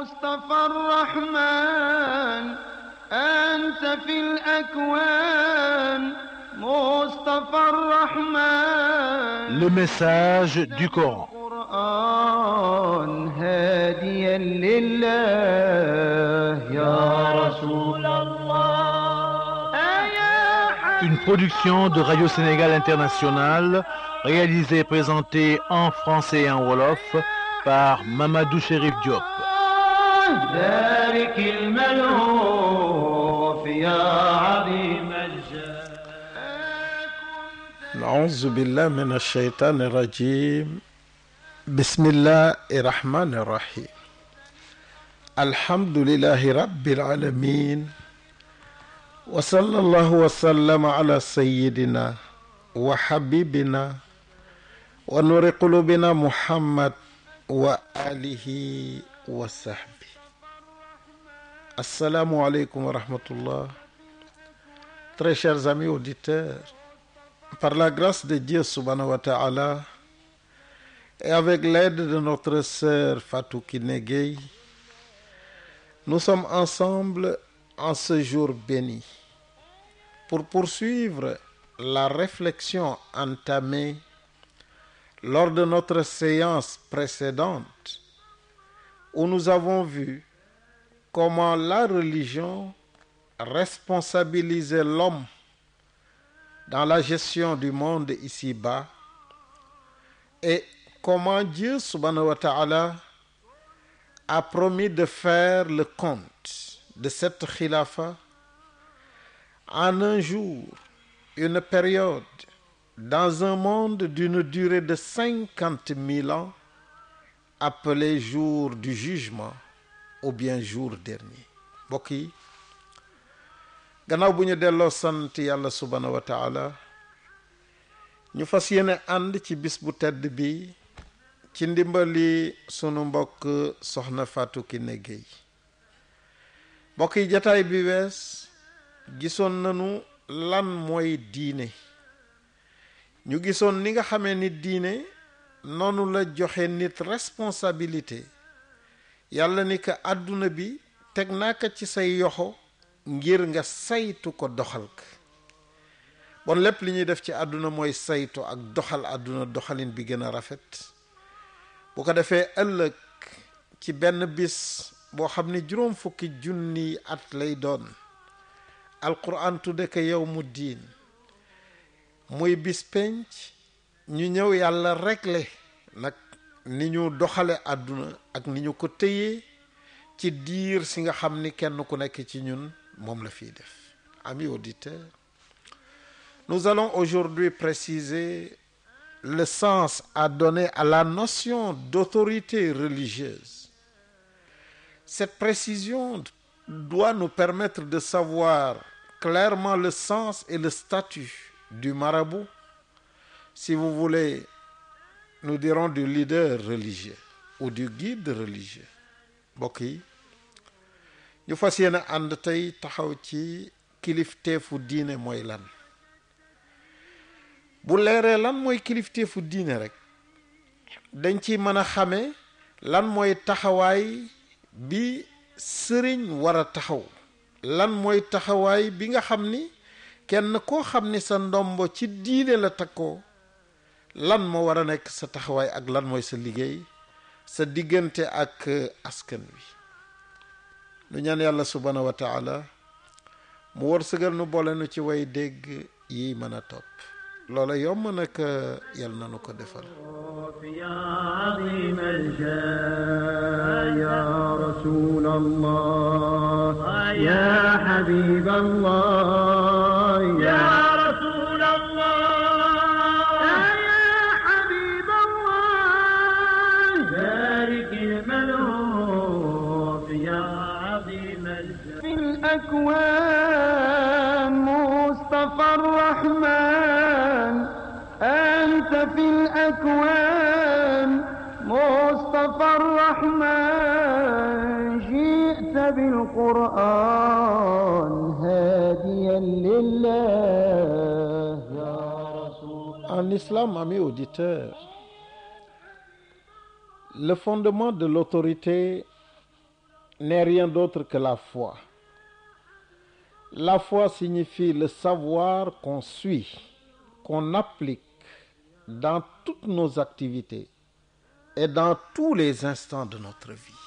مصطفى الرحمن أنت Le message du Coran القرآن هاديا لله يا Une production de Radio Sénégal International réalisée et présentée en français et en wolof par Mamadou Chérif Diop. ذلك الملهوف يا عظيم الجاه نعوذ بالله من الشيطان الرجيم بسم الله الرحمن الرحيم الحمد لله رب العالمين وصلى الله وسلم على سيدنا وحبيبنا ونور قلوبنا محمد وآله وصحبه Assalamu alaikum wa rahmatullah. Très chers amis auditeurs, par la grâce de Dieu subhanahu wa ta'ala et avec l'aide de notre sœur Fatou Kinegei, nous sommes ensemble en ce jour béni pour poursuivre la réflexion entamée lors de notre séance précédente où nous avons vu comment la religion responsabiliser l'homme dans la gestion du monde ici-bas et comment Dieu subhanahu wa ta'ala a promis de faire le compte de cette khilafa en un jour, une période, dans un monde d'une durée de cinquante mille ans, appelé jour du jugement. au bien jour dernier mbokk yi gannaaw bu ñu delloo sant yàlla subhaanahu wa ñu fas yéene ànd ci bis bu tedd bi ci ndimbali sunu mbokk soxna Fatou Kiné Gueye mbokk yi jataay bi wees gisoon nañu lan mooy diine ñu gisoon ni nga xamee ni diine noonu la joxe nit responsabilité yàlla ni ko àdduna bi teg naa ko ci say yoxo ngir nga saytu ko doxal ko bon lépp li ñuy def ci àdduna mooy saytu ak doxal àdduna doxalin bi gën a rafet bu ko defee ëllëg ci benn bis boo xam ne juróom fukki junni at lay doon alquran tudde ko yow mu diin mooy bis penc ñu ñëw yàlla régler nag ni ñu doxale àdduna ak ni ñu ko tëyee ci diir si nga xam ni kenn ku nekk ci ñun moom la fiy def amis auditeurs nous allons aujourd'hui préciser le sens à donner à la notion d'autorité religieuse cette précision doit nous permettre de savoir clairement le sens et le statut du marabout si vous voulez nous dirons du leader religieux ou mbokk yi ñu fas yéene ànd tey taxaw ci kilifteefu diine mooy lan bu leeree lan mooy kilifteefu diine rek dañ ci mën a xamee lan mooy taxawaay bi sëriñ war a taxaw lan mooy taxawaay bi nga xam ni kenn koo xam ni sa ndombo ci diine la takkoo lan moo war a nekk sa taxawaay ak lan mooy sa liggéey sa diggante ak askan wi nu ñaan yàlla subhaanahu wa mu war wërsëgal nu boole nu ci way dégg yi mën a topp loola yomb nag yal na ko defal ya azim allah ya habib القرآن هاديا لله يا رسول En islam, amis auditeurs, le fondement de l'autorité n'est rien d'autre que la foi. La foi signifie le savoir qu'on suit, qu'on applique dans toutes nos activités et dans tous les instants de notre vie.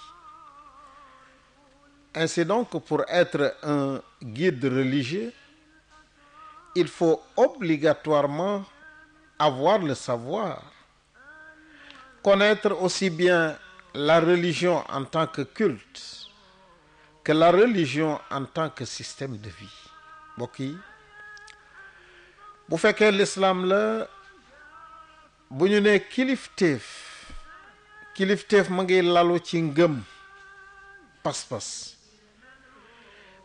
Ainsi donc, pour être un guide religieux, il faut obligatoirement avoir le savoir, connaître aussi bien la religion en tant que culte que la religion en tant que système de vie mbokk yi bu fekkee lislaam la bu ñu nee kilifteef kilifteef ma ngi lalu ci ngëm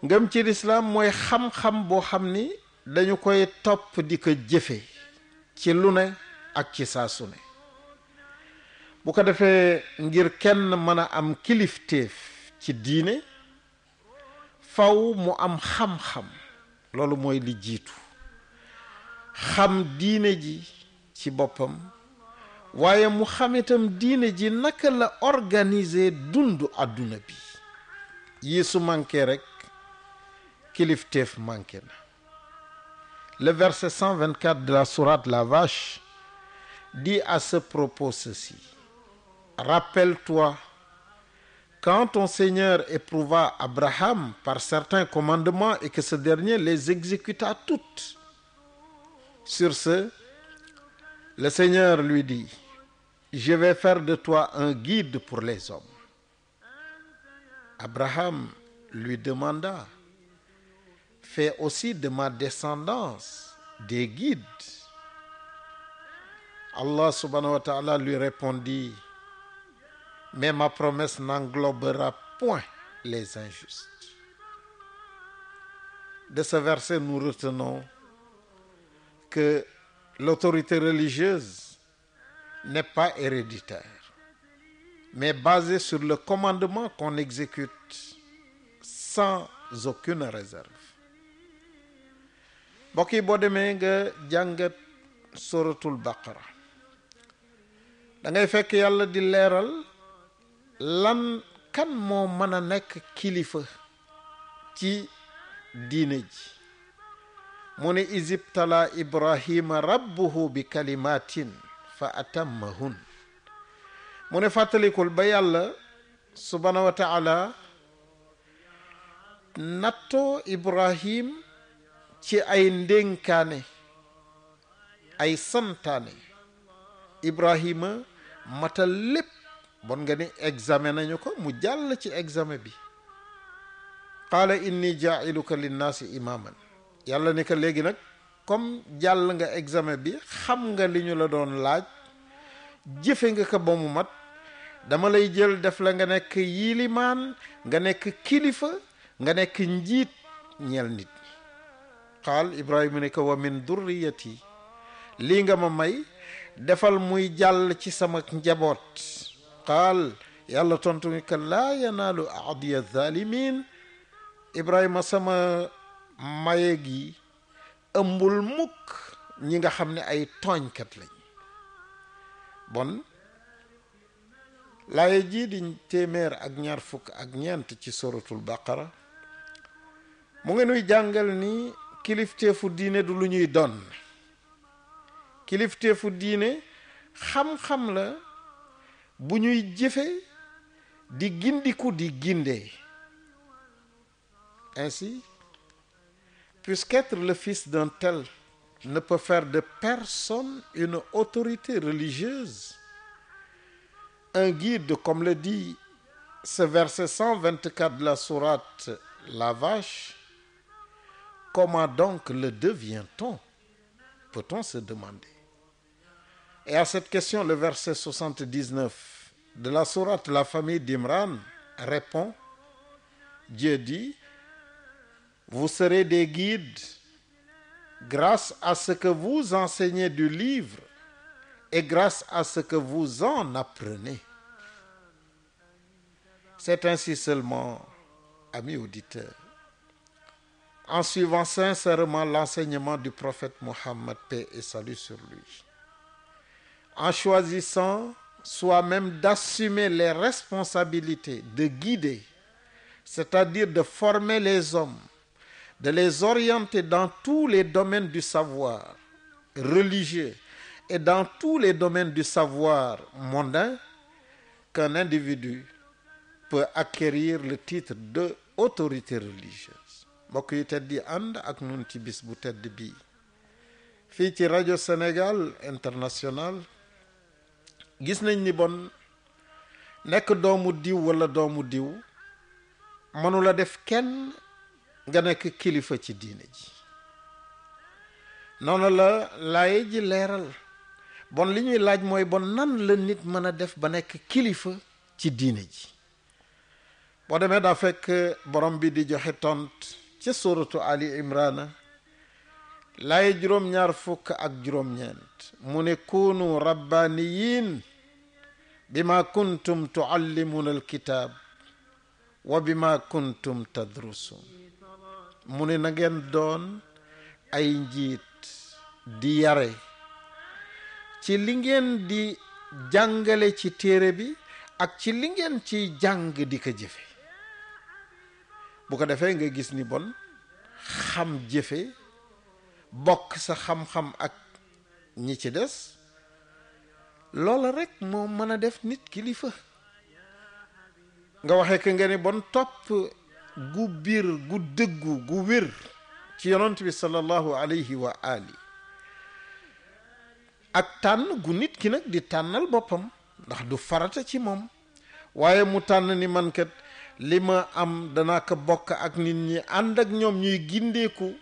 ngëm ci lislaam mooy xam-xam boo xam ni dañu koy topp di ko jëfe ci lu ne ak ci saa ne bu ko defee ngir kenn mën a am kilifteef ci diine faw mu am xam-xam loolu mooy li jiitu xam diine ji ci boppam waaye mu xamitam diine ji naka la organiser dundu àdduna bi yéesu su rekk kilifteef manqué na le verset 124 de la sourate la vache dit à ce propos ceci rappelle-toi quand ton Seigneur éprouva Abraham par certains commandements et que ce dernier les exécuta toutes sur ce le Seigneur lui dit je vais faire de toi un guide pour les hommes Abraham lui demanda fait aussi de ma descendance des guides. Allah subhanahu wa lui répondit, mais ma promesse n'englobera point les injustes. De ce verset, nous retenons que l'autorité religieuse n'est pas héréditaire, mais basée sur le commandement qu'on exécute sans aucune réserve. mbokk boo demee nga jàngat suratul baqara dangay fekk yàlla di leeral lan kan moo mën a nekk kilifa ci diine ji mu ne isibtala ibrahima rabbuhu bi kalimatin fa atammahun mu ne fàttalikul ba yàlla subhanahu wa taala nattoo ibrahim ci ay ndénkaane ay santaane Ibrahima matal lépp bon nga ni examen nañu ko mu jàll ci examen bi qaala inni jaa'iluka linnaasi imaaman yàlla ni ko léegi nag comme jàll nga examen bi xam nga li ñu la doon laaj jëfe nga ko ba mu mat dama lay jël def la nga nekk yilimaan nga nekk kilifa nga nekk njiit ñeel nit qaal ibrahima ne ko wa min durriyati lii nga ma may defal muy jàll ci sama njaboot qaal yàlla tontu ni ko laa yanaalu ahdiya zalimin ibrahima sama maye gi ëmbul mukk ñi nga xam ne ay tooñkat lañ bon laaye jii di téeméer ak ñaar fukk ak ñeent ci suratul baqara mu ngi nuy jàngal ni kilifteefu diine du lu ñuy doon kilifteefu diine xam-xam la bu ñuy jëfe di gindiku di ginde ainsi puisqu'être le fils d'un tel ne peut faire de personne une autorité religieuse un guide comme le dit ce verset de la sourate la vache Comment donc le devient-on? Peut-on se demander. Et à cette question, le verset 79 de la sourate La famille d'Imran répond, Dieu dit, vous serez des guides grâce à ce que vous enseignez du livre et grâce à ce que vous en apprenez. C'est ainsi seulement, amis auditeurs, en suivant sincèrement l'enseignement du prophète Mohammed, paix et salut sur lui. En choisissant soi-même d'assumer les responsabilités, de guider, c'est-à-dire de former les hommes, de les orienter dans tous les domaines du savoir religieux et dans tous les domaines du savoir mondain, qu'un individu peut acquérir le titre d'autorité religieuse. mbokk yu tedd yi ànd ak nun ci bis bu tëdd bii fii ci rajo Sénégal international gis nañ ni bon nekk doomu diw walla doomu diw mënula def kenn nga nekk kilifa ci diine ji noona la laaye ji leeral bon li ñuy laaj mooy bon nan la nit mën a def ba nekk kilifa ci diine ji boo demee daa fekk borom bi di joxe tont ca suratu ali imrana laaye juróom-ñaar fukk ak juróom-ñeent mu ne kunu rabbaniyin bima kuntum tuallimuna alkitab wa bima kuntum tadrusun mu ne na doon ay njiit di yare ci li ngeen di jàngale ci téere bi ak ci li ngeen ciy jàng di ko jëfe bu ko defee nga gis ni bon xam jëfe bokk sa xam-xam ak ñi ci des loola rekk moo mën a def nit kilifa nga waxee que nga ni bon topp gu biir gu dëggu gu wér ci yonent bi sallallahu alayhi wa ali ak tànn gu nit ki nag di tànnal boppam ndax du farata ci moom waaye mu tànn ni man li ma am danaa bokk ak nit ñi ànd ak ñoom ñuy gindeeku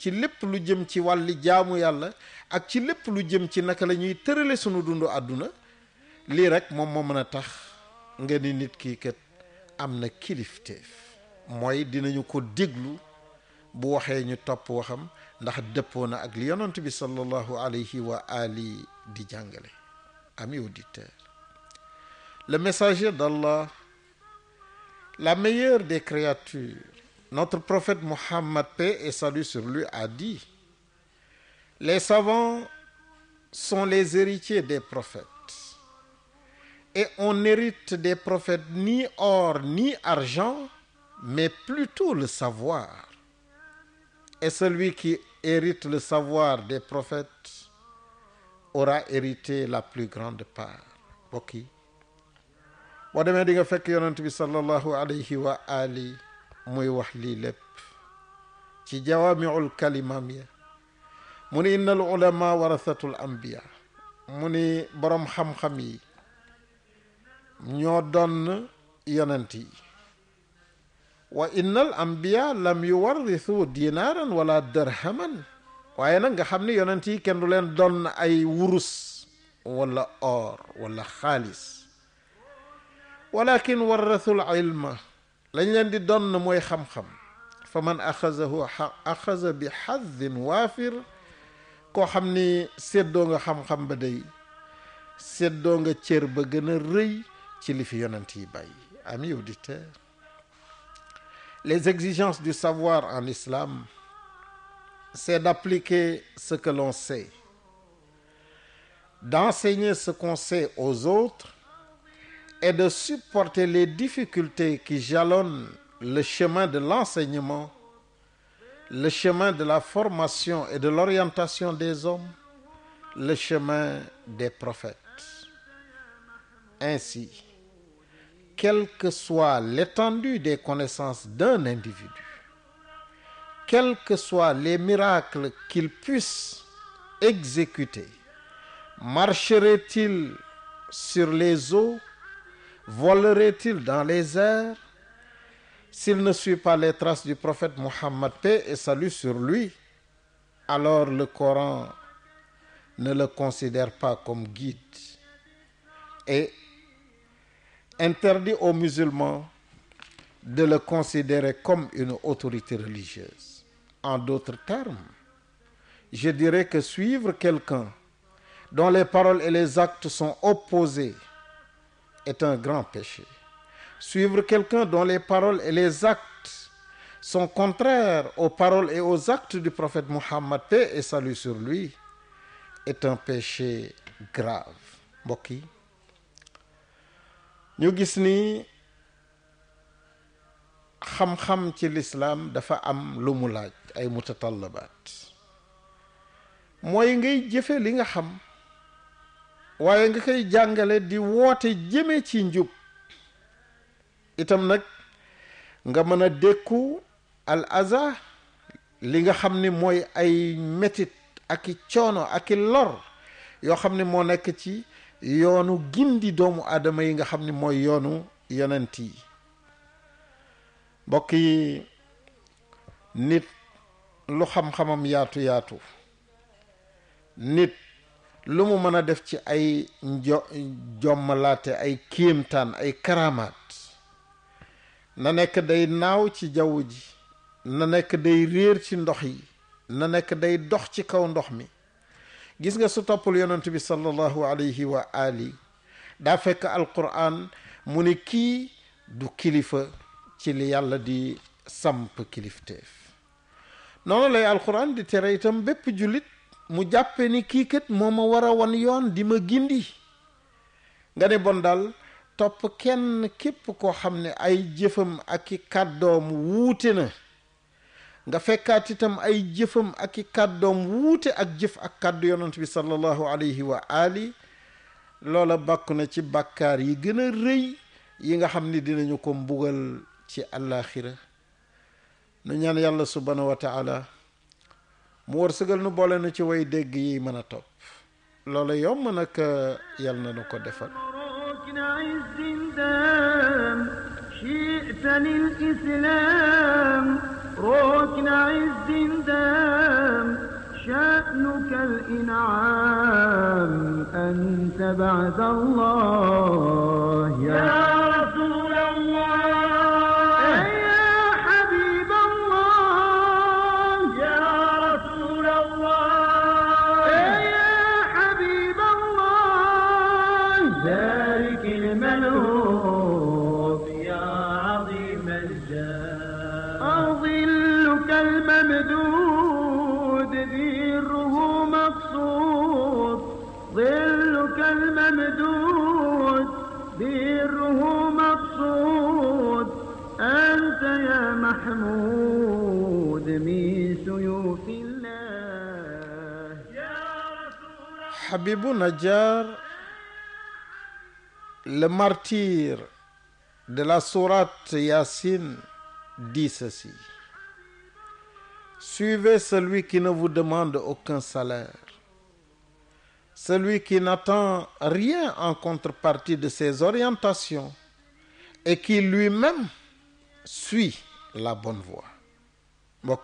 ci lépp lu jëm ci wàlli jaamu yàlla ak ci lépp lu jëm ci naka lañuy tërale sunu dundu àdduna lii rek moom moo mën a tax nga ni nit kii kat am na kilifteef mooy dinañu ko déglu bu waxee ñu topp waxam ndax dëppoo na ak li yonent bi sallallahu alayhi wa ali di jàngale ami auditeur le messager d'Allah La meilleure des créatures, notre prophète Mohammed, paix et salut sur lui, a dit, les savants sont les héritiers des prophètes. Et on n'hérite des prophètes ni or ni argent, mais plutôt le savoir. Et celui qui hérite le savoir des prophètes aura hérité la plus grande part. Bokk boo demee di fekk yonent bi sallallahu alayhi wa ali muy wax lii lépp ci jawaamiul kalimam ya mu ni innal ulama warasatul anbiya mu ni boroom xam-xam yi ñoo doon yonent yi wa innal anbiya lam yuwarrisu dinaaran wala dirhaman waaye nag xam ni yonent yi kenn du leen doon ay wurus wala or wala xaalis walakin al ilma lañ leen di donn mooy xam-xam fa man axazahu bi xaddin waafir koo xam ni séddoo nga xam-xam ba day séddoo nga cër ba gën a rëy ci li fi yonent yi bàyyi amis auditeurs les exigences du savoir un islam c'est d'appliquer ce que l'on sait d'enseigner ce qu'on sait aux autres et de supporter les difficultés qui jalonnent le chemin de l'enseignement, le chemin de la formation et de l'orientation des hommes, le chemin des prophètes. Ainsi, quelle que soit l'étendue des connaissances d'un individu, quels que soient les miracles qu'il puisse exécuter, marcherait-il sur les eaux volerait-il dans les airs s'il ne suit pas les traces du prophète Mohammed, paix et salut sur lui? Alors le Coran ne le considère pas comme guide et interdit aux musulmans de le considérer comme une autorité religieuse. En d'autres termes, je dirais que suivre quelqu'un dont les paroles et les actes sont opposés est un grand péché. Suivre quelqu'un dont les paroles et les actes sont contraires aux paroles et aux actes du prophète Muhammad, paix et salut sur lui, est un péché grave. mbokk yi ñu gis ni xam-xam ci lislaam dafa am lu mu laaj ay mutatallabaat mooy ngay jëfe li nga xam waaye nga koy jàngale di woote jëme ci njub itam nag nga mën a dékku al aza li nga xam ni mooy ay metit ak i coono ak lor yoo xam ni moo nekk ci yoonu gindi doomu aadama yi nga xam ni mooy yoonu yonent yi mbokk yi nit lu xam-xamam yaatu yaatu nit lu mu mën a def ci ay njo jommalaate ay kéemtaan ay karamaat na nekk day naaw ci jaww ji na nekk day réer ci ndox yi na nekk day dox ci kaw ndox mi gis nga su toppul yonent bi sallallahu wa ali daa fekk alquran mu ne kii du kilifa ci li yàlla di samp kilifteef noonu lay alquran di tere itam bépp jullit mu jàppe ni kii kat moo ma war a wan yoon di ma gindi nga ne bon daal topp kenn képp koo xam ne ay jëfam ak i kàddoom wuute nga fekkaat itam ay jëfam ak i kàddoom wuute ak jëf ak kàddu yonent bi sallallahu alayhi wa ali loola bàkku na ci bàkkaar yi gën a rëy yi nga xam ni dinañu ko mbugal ci àllaaxira nu ñaan yàlla subhanahu wa taala mu wërsëgal nu boole na ci way dégg yi mën a topp loola yomb nag yal na nu ko defal شأنك Habibou Najjar, le martyr de la sourate Yassine, dit ceci. Suivez celui qui ne vous demande aucun salaire, celui qui n'attend rien en contrepartie de ses orientations et qui lui-même suit la bonne voie.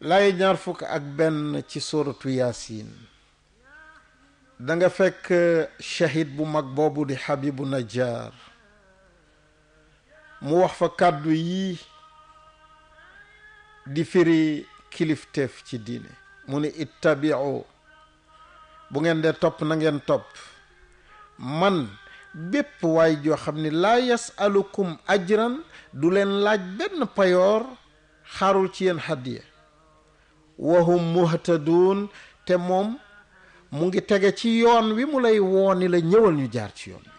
laay ñaar fukk ak benn ci suratu yaasin danga fekk eh, shahid bu mag boobu di Habibu Najjar mu wax fa kàddu yi di firi kilifteef ci diine mu ni ittabiu bu ngeen dee topp nangeen topp man bépp waay joo xam ni laa yasalukum ajran du leen laaj benn payoor xaarul ci yenn hadiya wahum muhtaduun te moom mu ngi tege ci yoon wi mu lay wooni la ñëwal ñu jaar ci yoon wi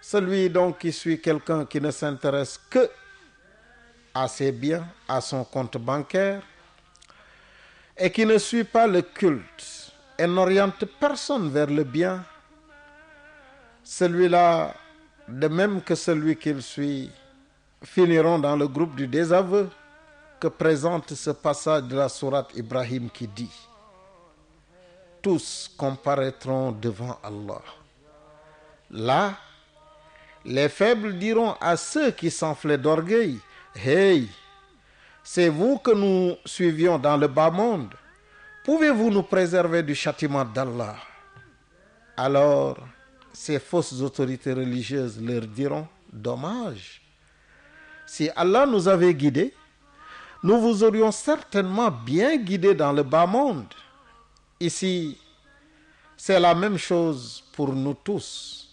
celui donc qui suit quelqu'un qui ne s'intéresse que à ses biens à son compte bancaire et qui ne suit pas le culte et n'oriente personne vers le bien celui-là de même que celui qu'il suit finiront dans le groupe du désaveu que présente ce passage de la sourate Ibrahim qui dit tous comparaîtront devant Allah. Là, les faibles diront à ceux qui s'enflaient d'orgueil, Hey, c'est vous que nous suivions dans le bas monde. Pouvez-vous nous préserver du châtiment d'Allah? Alors, ces fausses autorités religieuses leur diront, dommage. Si Allah nous avait guidés, nous vous aurions certainement bien guidé dans le bas monde. Ici, c'est la même chose pour nous tous,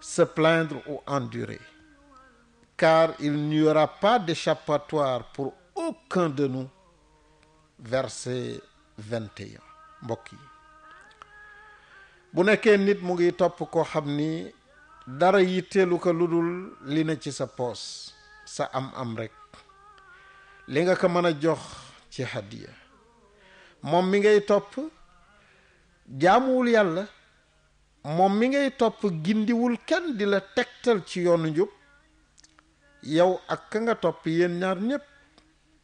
se plaindre ou endurer, car il n'y aura pas d'échappatoire pour aucun de nous. Verset 21 mbokk yi bu nekkee nit mu ngi topp koo xam ni dara yitteelu ko lu dul li na ci sa poos sa am am rek li nga ko mën a jox ci hadiya moom mi ngay topp jaamuwul yàlla moom mi ngay topp gindiwul kenn di la tegtal ci yoonu njub yow ak ka nga topp yéen ñaar ñépp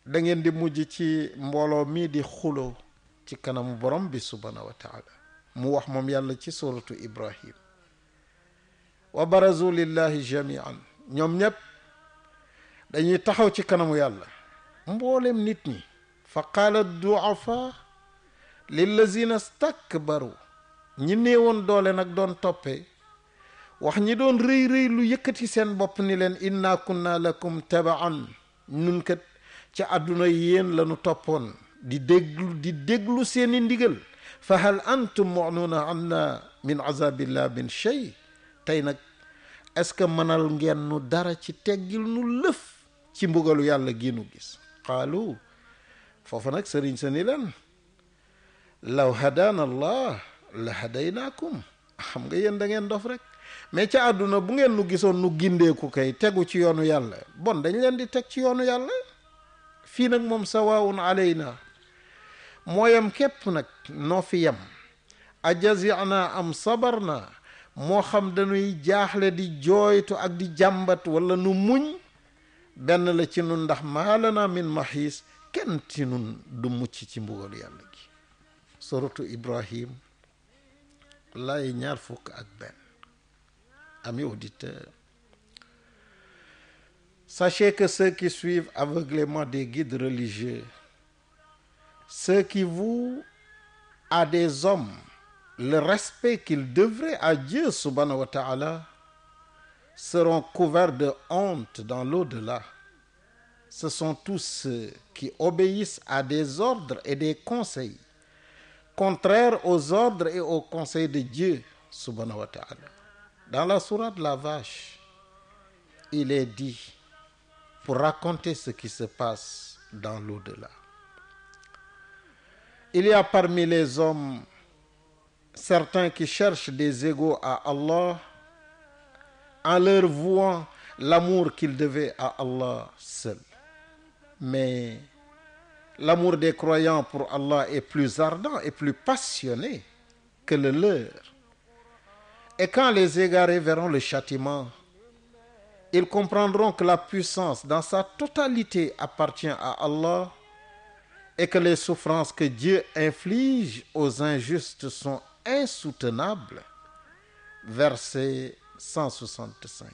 dangeen di mujj ci mbooloo mii di xuloo ci kanamu borom bi subhaanahu wa mu wax moom yàlla ci suratu ibrahim wa barazu lillahi jamian ñoom ñépp dañuy taxaw ci kanamu yàlla mboolem nit ñi fa qaala duafa lillazina stakbaru ñi néewoon doole nag doon toppe wax ñi doon rëy rëy lu yëkkati seen bopp ni leen inna kunna lakum tabaan nun kat ci àdduna yéen lañu toppoon di déglu di déglu seeni ndigal fa hal antum mu'nuuna anna min azabillah min shay tey nag est-ce que mënal ngeen nu dara ci teggil nu lëf ci mbugalu yàlla gi gis qaalu foofu nag sëriñ sa ni leen law hadaana allah la hadaynaakum xam nga yéen dangeen dof rekk mais ca àdduna bu ngeen nu gisoon nu gindeeku kay tegu ci yoonu yàlla bon dañ leen di teg ci yoonu yàlla fii nag moom sawaawun alayna moo yem képp nag noo fi yem ajazina am sabarna moo xam dañuy jaaxle di jooytu ak di jàmbat wala nu muñ benn la ci nun ndax maalana min maxiis kenn ci nun du mucc ci mbugal yàlla gi suratu ibrahim laay ñaar fukk ak benn amis auditeurs sachez que ceux qui suivent des guides religieux ceux qui vouent à des hommes le respect qu'ils devraient à Dieu subhanahu wa ta'ala seront couverts de honte dans l'au-delà. Ce sont tous ceux qui obéissent à des ordres et des conseils, contraires aux ordres et aux conseils de Dieu, subhanahu Dans la sourate de la vache, il est dit, pour raconter ce qui se passe dans l'au-delà. Il y a parmi les hommes certains qui cherchent des égaux à Allah en leur vouant l'amour qu'ils devaient à Allah seul. Mais l'amour des croyants pour Allah est plus ardent et plus passionné que le leur. Et quand les égarés verront le châtiment, ils comprendront que la puissance dans sa totalité appartient à Allah et que les souffrances que Dieu inflige aux injustes sont insoutenables. Verset 165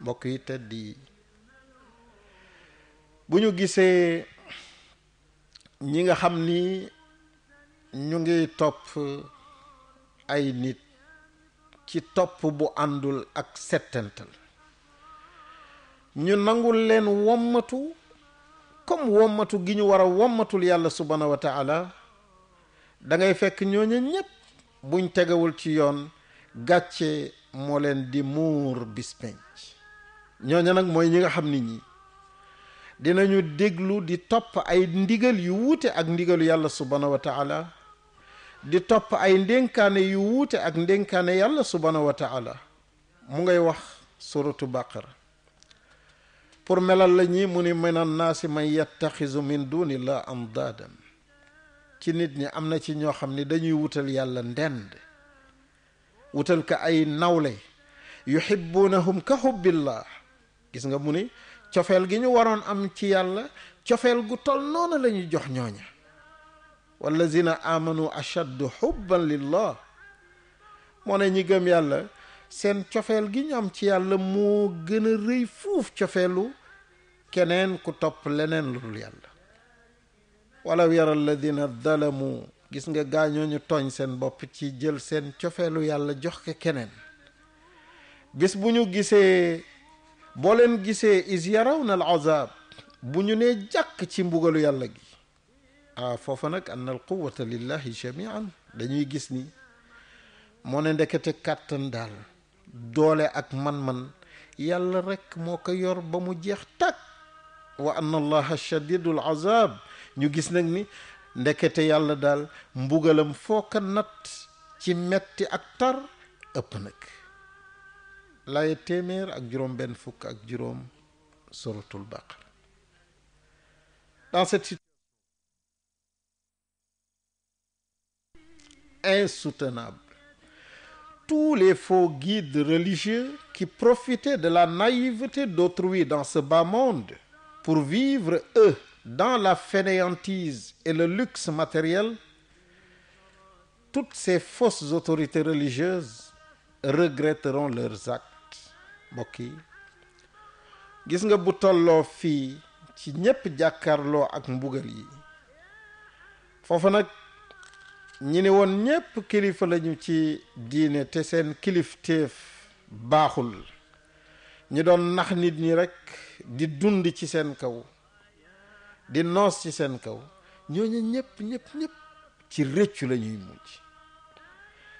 mbokk yi tedd yi bu ñu gisee ñi nga xam ni ñu ngi topp ay nit ci topp bu àndul ak settantal ñu nangul leen wommatu comme wommatu gi ñu war womatul yàlla subhaanahu wa taala da fekk ñooñu ñépp buñ tegawul ci yoon gàcce moo leen di muur bis penc nag mooy ñi nga xam ni ñi dinañu déglu di topp ay ndigal yu wuute ak ndigalu yàlla subhanahu wa taala di topp ay ndénkaane yu wuute ak ndénkaane yàlla subhanahu wa taala mu ngay wax suratu baqara pour melal la ñi mu ni minan naasi man yattaxisu min am andaadan ci nit ñi am na ci ñoo xam ni dañuy wutal yàlla ndend wutal ka ay nawle yuhibbunahum ka hubbillah gis nga mu ni cofeel gi ñu waroon am ci yàlla cofeel gu tol noonu la ñu jox ñooña wallazina amanu ashaddu hubban lillah moo ne ñi gëm yàlla seen cofeel gi ñu am ci yàlla moo gën a rëy fuuf cofeelu keneen ku topp leneen lu dul yàlla walaw yara alladina zalamu gis nga gaañoo ñu tooñ seen bopp ci jël seen cofeelu yàlla jox ko keneen bis bu ñu gisee boo leen gisee is yarawna al azab bu ñu nee jàkk ci mbugalu yàlla gi foofa nag anna al quwata lillahi jamian dañuy gis ni moo ne ndekete kàttan daal doole ak man-man yàlla rekk moo ko yor ba mu jeex takk wa anna allaha shadidul azab ñu gis nag ni ndekete yàlla daal mbugalam foo ko ci metti ak tar ëpp nag laaye téeméer ak juróom benn fukk ak juróom suratul baqara dans cette situation insoutenable tous les faux guides religieux qui profitaient de la naïveté d'autrui dans ce bas monde pour vivre eux dans la fainéantise et le luxe matériel, toutes ces fausses autorités religieuses regretteront leurs actes mbokk yi gis nga bu tolloo fii ci ñépp jàkkarloo ak mbugal yi foofa nag ñi ne woon ñépp kilifa lañu ci diine te seen kilifteef baaxul ñi doon nax nit ñi rekk di dund ci seen kaw di noos ci seen kaw ñooñu ñëpp ñëpp ñëpp ci rëccu la ñuy mujj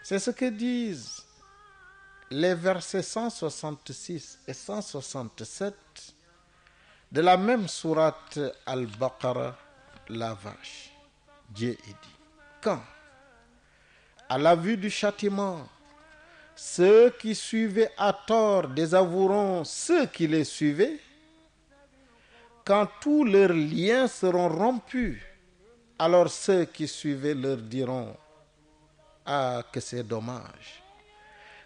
c'est ce que disent les versets 166 et 167 de la même sourate Al-Baqarah la vache Dieu est dit quand à la vue du châtiment ceux qui suivaient à tort désavoueront ceux qui les suivaient quand tous leurs liens seront rompus, alors ceux qui suivaient leur diront, Ah, que c'est dommage.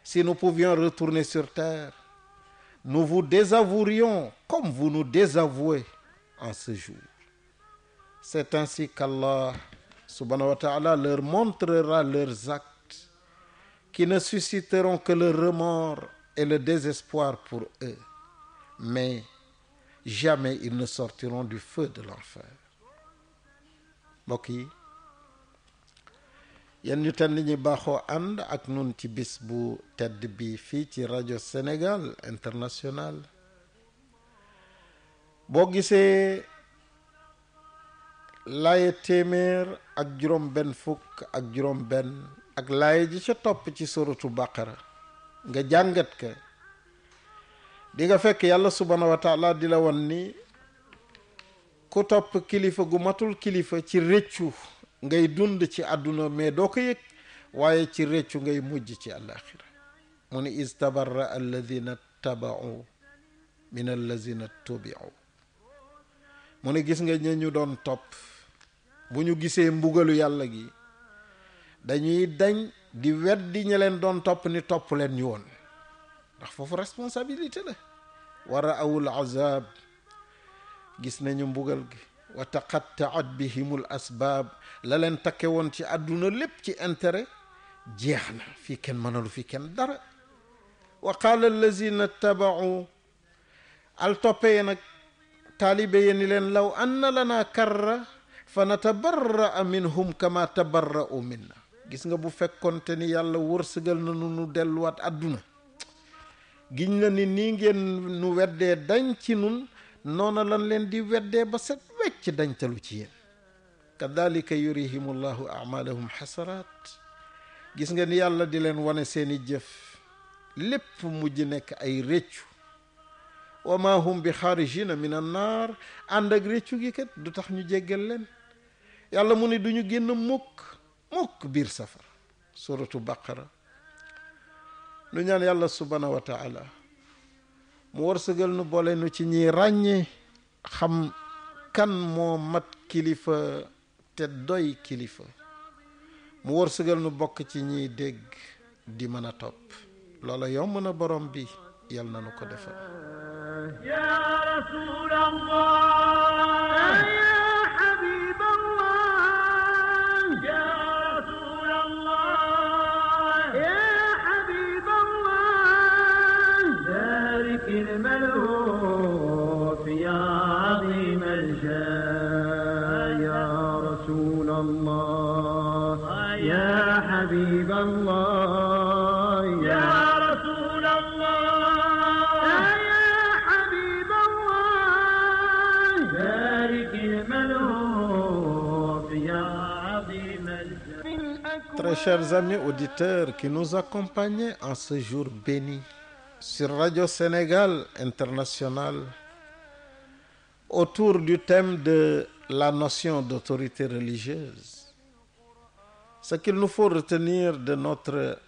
Si nous pouvions retourner sur terre, nous vous désavouerions comme vous nous désavouez en ce jour. C'est ainsi qu'Allah subhanahu wa ta'ala leur montrera leurs actes qui ne susciteront que le remords et le désespoir pour eux. Mais jamais ils ne sortiront du feu de l'enfer mbokk yi yéen ñu tànn ñi baaxoo ànd ak nun ci bis bu tedd bi fii ci rajo Sénégal international boo gisee laaye téeméer ak juróom benn fukk ak juróom benn ak laaye ji ca topp ci suratu baqara nga jàngat ka di nga fekk yàlla subhaanahu wa di la won ni ku topp kilifa gu matul kilifa ci rëccu ngay dund ci àdduna mais doo ko yëg waaye ci rëccu ngay mujj ci àllaaxira mu ni istabara alladina tabaau min allazina tubiu mu ne gis nga ña ñu doon topp bu ñu gisee mbugalu yàlla gi dañuy dañ di weddi ña leen doon topp ni topp leen ñu woon ndax foofu responsabilité la wa raawul azab gis nañu mbugal gi wa taqattaat bihimul asbaab la leen takke woon ci àdduna lépp ci intérêt jeex na fii kenn mënalu fi kenn dara wa qaala allazina tabaau al toppee nag taalibe ye ni leen law anna lana karra fa natabarraa minhum kama tabarra'u minna gis nga bu fekkonte ni yàlla wërsëgal na nu delluwaat àdduna giñ la ni nii ngeen nu weddee dañ noona lan leen di weddee ba set wecc dañtalu ci yéen kadalika yurihim llahu amalahum xasaraat gis nga ni yàlla di leen wane seeni jëf lépp mujj nekk ay réccu wa ma hum bi xaarijina min an naar ànd ak réccu gi kat du tax ñu jéggal leen yàlla mu ne du ñu génn mukk mukk biir safara suratu baqara lu ñaan yàlla subhanahu wa taala mu wërsëgal nu boole nu ci ñiy ràññee xam kan moo mat kilifa te doy kilifa mu wërsëgal nu bokk ci ñiy dégg di mën a topp loola yomb na borom bi yàlla na nu ko defal ya rasulallah amis auditeurs qui nous accompagnaient en ce jour béni sur Radio Sénégal International autour du thème de la notion d'autorité religieuse. Ce qu'il nous faut retenir de notre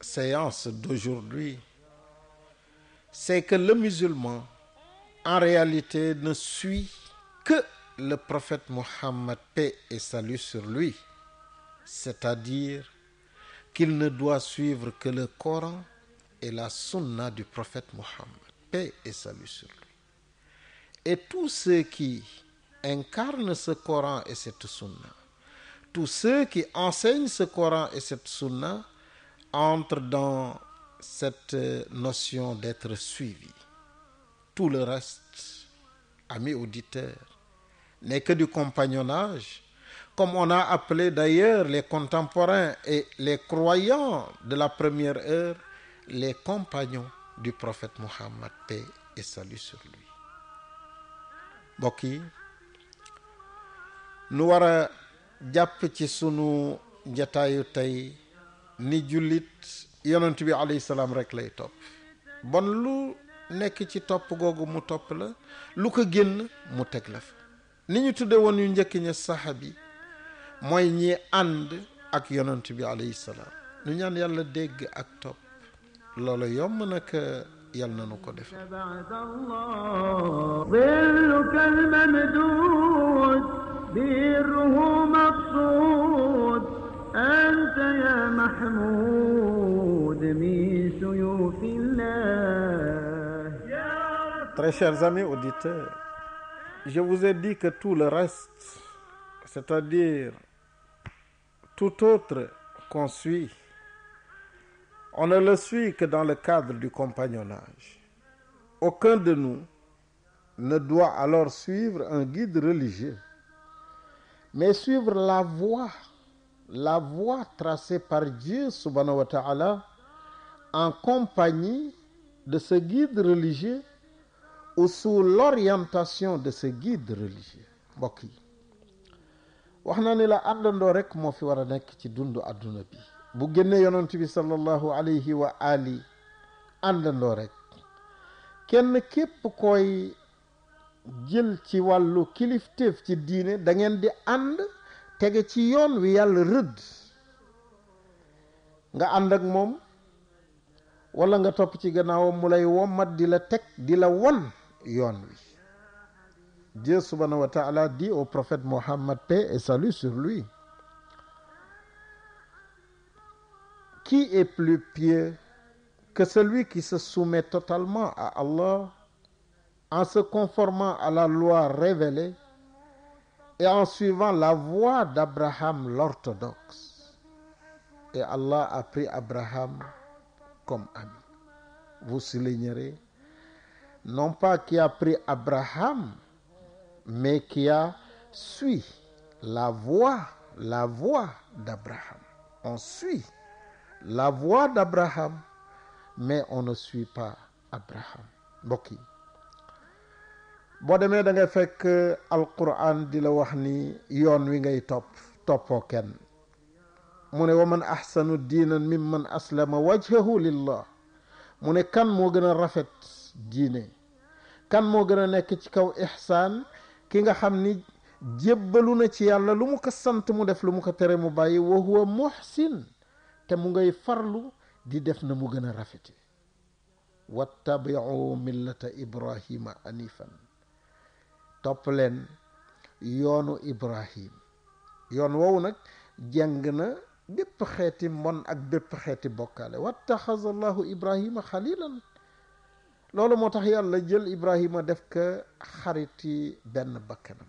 séance d'aujourd'hui, c'est que le musulman, en réalité, ne suit que le prophète Mohammed, paix et salut sur lui, c'est-à-dire qu'il ne doit suivre que le Coran et la sunna du prophète Mohammed, paix et salut sur lui. Et tous ceux qui incarnent ce Coran et cette sunna, tous ceux qui enseignent ce Coran et cette sunna entrent dans cette notion d'être suivi. Tout le reste, amis auditeurs, n'est que du compagnonnage comme on a appelé d'ailleurs les contemporains et les croyants de la première heure les compagnons du prophète Muhammad paix et salut sur lui mbokk yi nu war a jàpp ci sunu njataayu tey ni jullit yonent bi alayhi salaam rek lay topp bon lu nekk ci topp googu mu topp la lu ko génn mu teg la fa ni ñu tuddee woon yu njëkk ña bi mooy ñi ànd ak yonent bi alayhi salaam nu yàlla dégg ak topp yomb nag yàlla ko def Très chers amis auditeurs, je vous ai dit tout le reste, c'est-à-dire tout autre qu'on suit, on ne le suit que dans le cadre du compagnonnage. Aucun de nous ne doit alors suivre un guide religieux, mais suivre la voie, la voie tracée par Dieu subhanahu wa ta'ala en compagnie de ce guide religieux ou sous l'orientation de ce guide religieux mbokk yi wax naa ni la àndandoo rekk moo fi war a nekk ci dundu àdduna bi bu génnee yonent bi sallallahu alayhi wa ali àndandoo rekk kenn képp koy jël ci wàllu kilifteef ci diine dangeen di ànd tege ci yoon wi yàlla rëdd nga ànd ak moom walla nga topp ci gannaawam mu lay wommat di la teg di la won yoon wi Dieu subhanahu wa ta'ala dit au prophète Mohammed, paix et salut sur lui. Qui est plus pieux que celui qui se soumet totalement à Allah en se conformant à la loi révélée et en suivant la voie d'Abraham l'orthodoxe. Et Allah a pris Abraham comme ami. Vous soulignerez non pas qui a pris Abraham mais qui a la voie, la voie d'Abraham. On suit la voie d'Abraham, mais on ne suit pas Abraham. mbokk boo demee da ngay fekk alquran di la wax ni yoon wi ngay topp toppoo kenn mu ne wa man ahsanu diinan mimman aslama wajhahu lillah mu ne kan moo gën a rafet diine kan moo gën a nekk ci kaw ihsaan ki nga xam ni jébbalu na ci yàlla lu mu ko sant mu def lu mu ko tere mu bàyyi wa huwa muhsin te mu ngay farlu di def na mu gën a rafete wattabiu millata ibrahima anifan topp leen yoonu ibrahim yoon woowu nag jàng na bépp xeeti mbon ak bépp xeeti bokkaale wattaxaza allahu ibrahima xalilan loolu moo tax yàlla jël Ibrahima def ko xariti benn bakkanam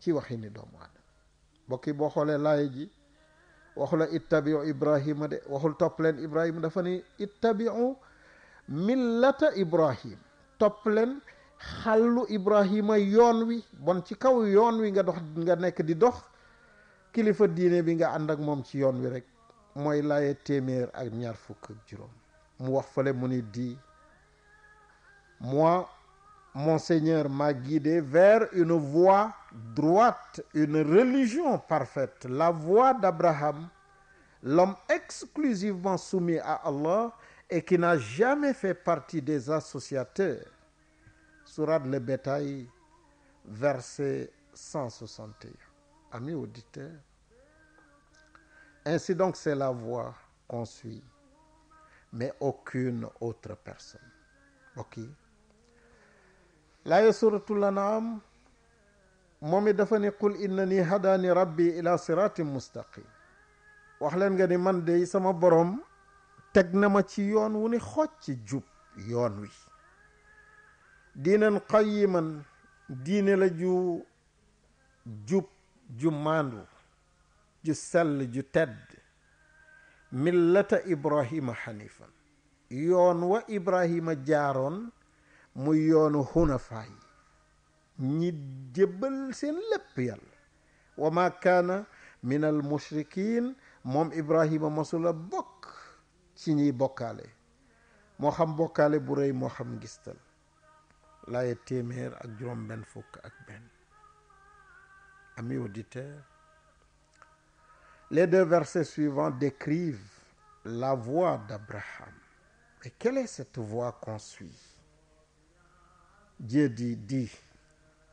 ci waxi ni doomu aadama mbokk yi boo xoolee laay ji waxula ittabiu Ibrahima de waxul topp leen Ibrahima dafa ni ittabiu millata Ibrahim topp leen xàllu Ibrahima yoon wi bon ci kaw yoon wi nga dox nga nekk di dox kilifa diine bi nga ànd ak moom ci yoon wi rek mooy laaye téeméer ak ñaar fukk ak juróom mu wax fale mu ni di Moi, mon Seigneur m'a guidé vers une voie droite, une religion parfaite, la voie d'Abraham, l'homme exclusivement soumis à Allah et qui n'a jamais fait partie des associateurs. Sourate Le Bétail, verset 161. Amis auditeurs, ainsi donc c'est la voie qu'on suit, mais aucune autre personne. Ok laaya suratul anaam moom it dafa ne qul innani hadaani rabbi ila siratin mustaqim wax leen nga ni man de sama boroom teg na ma ci yoon wu ne xooj ci jub yoon wi diinan qayiman diine la ju jub ju maandu ju sell ju tedd millata ibrahima xanifan yoon wa ibrahima jaaroon muy yoonu xunafaay ñi jébbal seen lépp yàlla wa ma kaana min al moom ibrahima masula bokk ci ñiy bokkaale moo xam bokkaale bu rëy moo xam ngistal laaye téeméer ak juróom benn fukk ak benn amis auditeurs les deux versets suivants décrivent la voie d'Abraham mais quelle est cette voie qu'on Dieu dit, dit,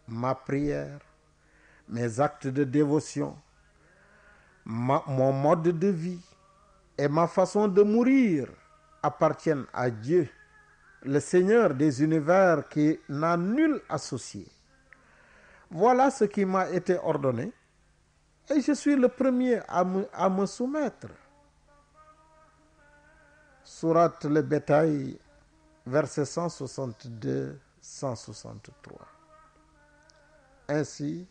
ma prière, mes actes de dévotion, ma, mon mode de vie et ma façon de mourir appartiennent à Dieu, le Seigneur des univers qui n'a nul associé. Voilà ce qui m'a été ordonné et je suis le premier à me, à me soumettre. Sourate le bétail, verset 162. 163. Ainsi,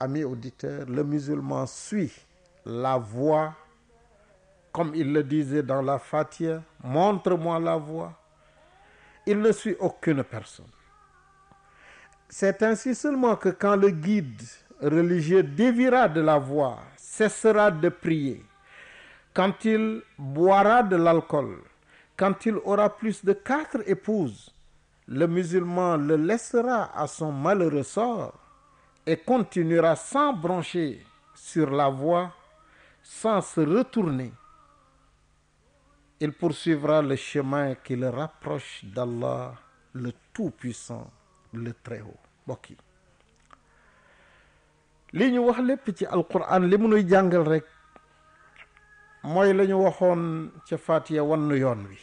amis auditeur le musulman suit la voie, comme il le disait dans la Fatiha, montre-moi la voix Il ne suit aucune personne. C'est ainsi seulement que quand le guide religieux dévira de la voie, cessera de prier, quand il boira de l'alcool, quand il aura plus de quatre épouses, le musulman le laissera à son malheureux sort et continuera sans broncher sur la voie, sans se retourner. Il poursuivra le chemin qui le rapproche d'Allah, le Tout-Puissant, le Très-Haut. mbokk yi li ñu wax lépp ci alquran li mu nuy jàngal rek mooy lañu waxoon ca Faatiya wannu yoon wi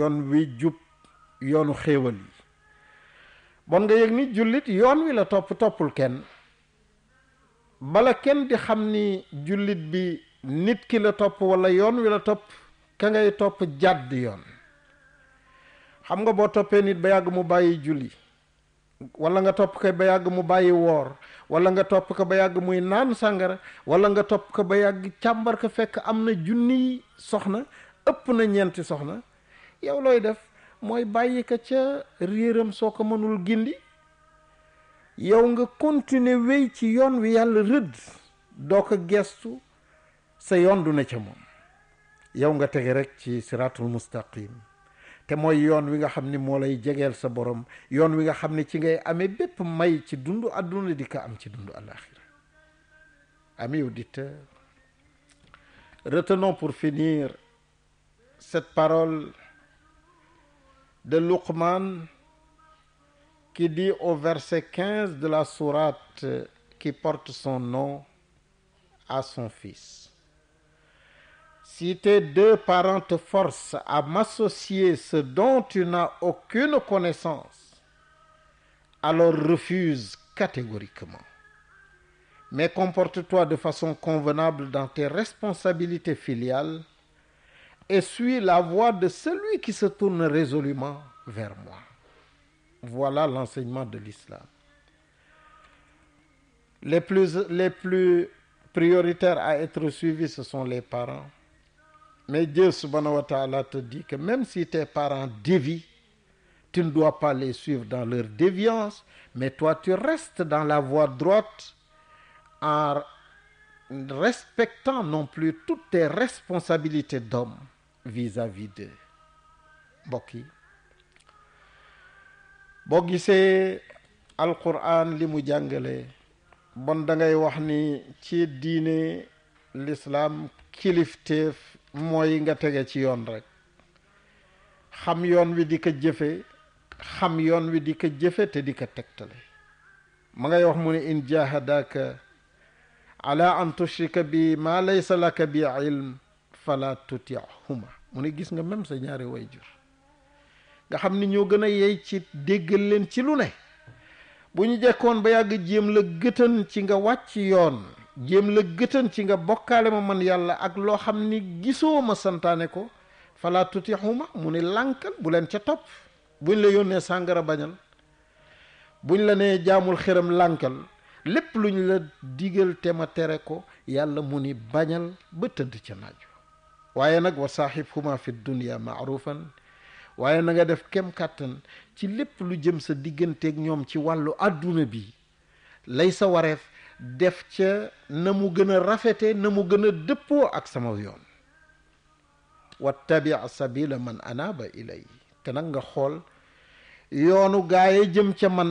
yoon wi jub yoonu xéewal yi bon nga yëg ni jullit yoon wi la topp toppul kenn bala kenn di xam ni jullit bi nit ki la topp wala yoon wi la topp ka ngay topp jàdd yoon xam nga boo toppee nit ba yàgg mu bàyyi julli wala nga topp ko ba yàgg mu bàyyi woor wala nga topp ko ba yàgg muy naan sàngara wala nga topp ko ba yàgg càmbar ko fekk am na junni soxna ëpp na ñeenti soxna yow looy def mooy bàyyi ko ca réeram soo ko mënul gindi yow nga continuer wéy ci yoon wi yàlla rëdd doo ko gestu sa yoon du ne ca moom yow nga tege rek ci siraatul mustaqim te mooy yoon wi nga xam ni moo lay jegeel sa borom yoon wi nga xam ne ci ngay amee bépp may ci dundu àdduna di ko am ci dundu àllaaxira ami auditeurs retenons pour finir cette parole de Luqman qui dit au verset 15 de la sourate qui porte son nom à son fils. Si tes deux parents te forcent à m'associer ce dont tu n'as aucune connaissance, alors refuse catégoriquement. Mais comporte-toi de façon convenable dans tes responsabilités filiales et suis la voie de celui qui se tourne résolument vers moi. Voilà l'enseignement de l'islam. Les plus, les plus prioritaires à être suivis, ce sont les parents. Mais Dieu subhanahu wa ta'ala te dit que même si tes parents dévient, tu ne dois pas les suivre dans leur déviance, mais toi tu restes dans la voie droite en respectant non plus toutes tes responsabilités d'homme. vis-à-vis boo gisee alquran li mu jàngale bon da ngay wax ni ci diine lislaam kilifteef mooy nga tege ci yoon rek xam yoon wi di ko jëfe xam yoon wi di ko jëfe te di tegtale ma ngay wax mu ne in jahadaka ala an tushrika bi ma laysa laka bi ilm fala tuti'huma mu ne gis nga même sa ñaari way jur nga xam ni ñoo gën a yey ci déggal leen ci lu ne bu ñu jekkoon ba yàgg jéem la gëtën ci nga wàcc yoon jéem la gëtën ci nga bokkaale ma man yàlla ak loo xam ni gisoo ma santaane ko falaa tutixuma mu ne lànkal bu leen ca topp buñ la yónnee sàngara bañal buñ la nee jaamul xëram lànkal lépp luñ la digal te ma tere ko yàlla mu ni bañal ba tëdd ca naaju waaye nag wa saaxibhuma fi dunia maarufan waaye nanga def kem kàttan ci lépp lu jëm sa digganteeg ñoom ci wàllu àdduna bi lay sa wareef def ca na mu gën a rafete na mu gën a dëppoo ak sama yoon wattabi sabila man anaba ilay te nag nga xool yoonu gaaye jëm ca man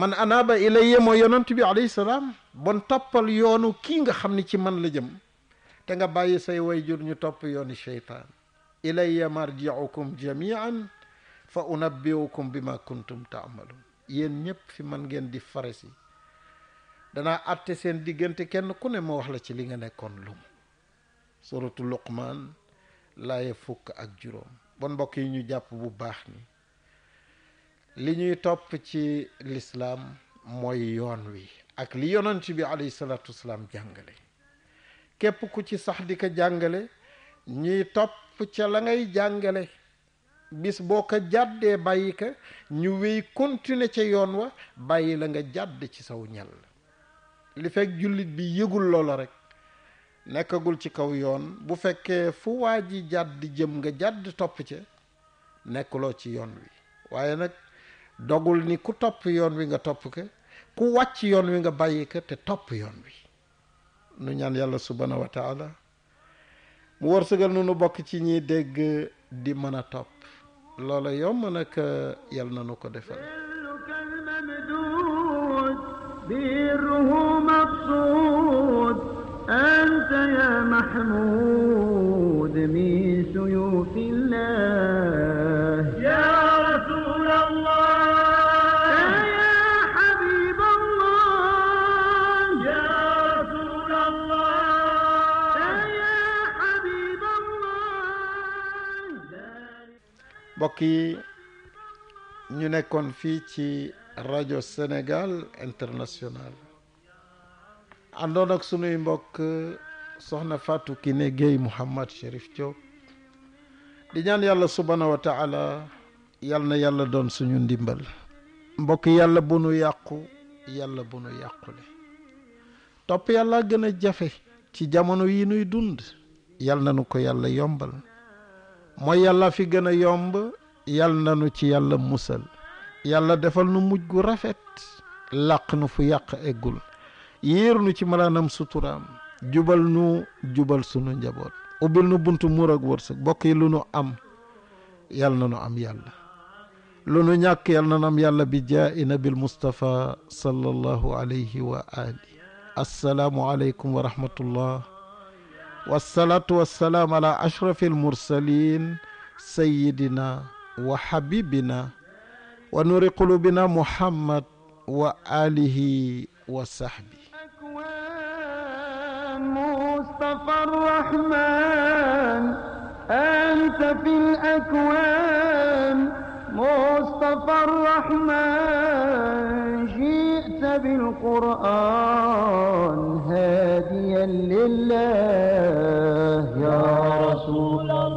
man anaba ilay mooy yonent bi alayhi salaam bon toppal yoonu kii nga xam ni ci man la jëm te nga bàyyi say wayjur ñu topp yoon yooni cheytaan ilayya marjiukum jamian fa unabbiukum bima kuntum taamaluun yéen ñépp fi man ngeen di faresi danaa àtte seen diggante kenn ku ne ma wax la ci li nga nekkoon lum suratu luqmaan laaye fukk ak juróom bon mbokk yi ñu jàpp bu baax ni li ñuy topp ci lislaam mooy yoon wi ak li yonent bi alayhi salaatu wasalaam jàngale képp ku ci sax di ko jàngale ñuy topp ca la ngay jàngale bis boo ko jàddee bàyyi ka ñu wéy continuer ca yoon wa bàyyi la nga jàdd ci saw ñal li fekk jullit bi yëgul loola rekk nekkagul ci kaw yoon bu fekkee fu waa ji jàdd jëm nga jàdd topp ca nekkuloo ci yoon wi waaye nag dogul ni ku topp yoon wi nga topp ka ku wàcc yoon wi nga bàyyi ka te topp yoon wi nu ñaan yàlla subhanahu wa taala mu wërsëgal nu nu bokk ci ñi dégg di mën a topp loola yomb nag yàlla na nu ko defal anta ya mahmud min suyufillah mbokk yi ñu nekkoon fii ci rajo Sénégal International àndoon ak sunuy mbokk soxna Fatou Kiné Gueye Mouhamad Chérif Diop di ñaan yàlla subhaanahu wa taala yal na yàlla doon suñu ndimbal mbokk yàlla bu nu yàqu yàlla bu nu yàqule topp yàlla gën a jafe ci jamono yi nuy dund yal na nu ko yàlla yombal mooy yàlla fi gën a yomb yal nanu ci yàlla musal yàlla defal nu mujj gu rafet laq nu fu yàq eggul yiir nu ci malaanam suturaam jubal nu jubal sunu njaboot ubbil nu bunt muur wërsëg bokk yi lu nu am yal na nu am yàlla lu nu ñàkk yal na nu am yàlla bi jaa i nabil Mustafa sallallahu alayhi wa ali assalaamu aleykum wa rahmatullah wasalaatu wasalaam ala ashrafi almursalin sayidina wa habibina wa nuri qulubina muhammad wa alihi wa sahbi مصطفى الرحمن أنت في الأكوان مصطفى الرحمن بالقرآن هاديا لله يا رسول الله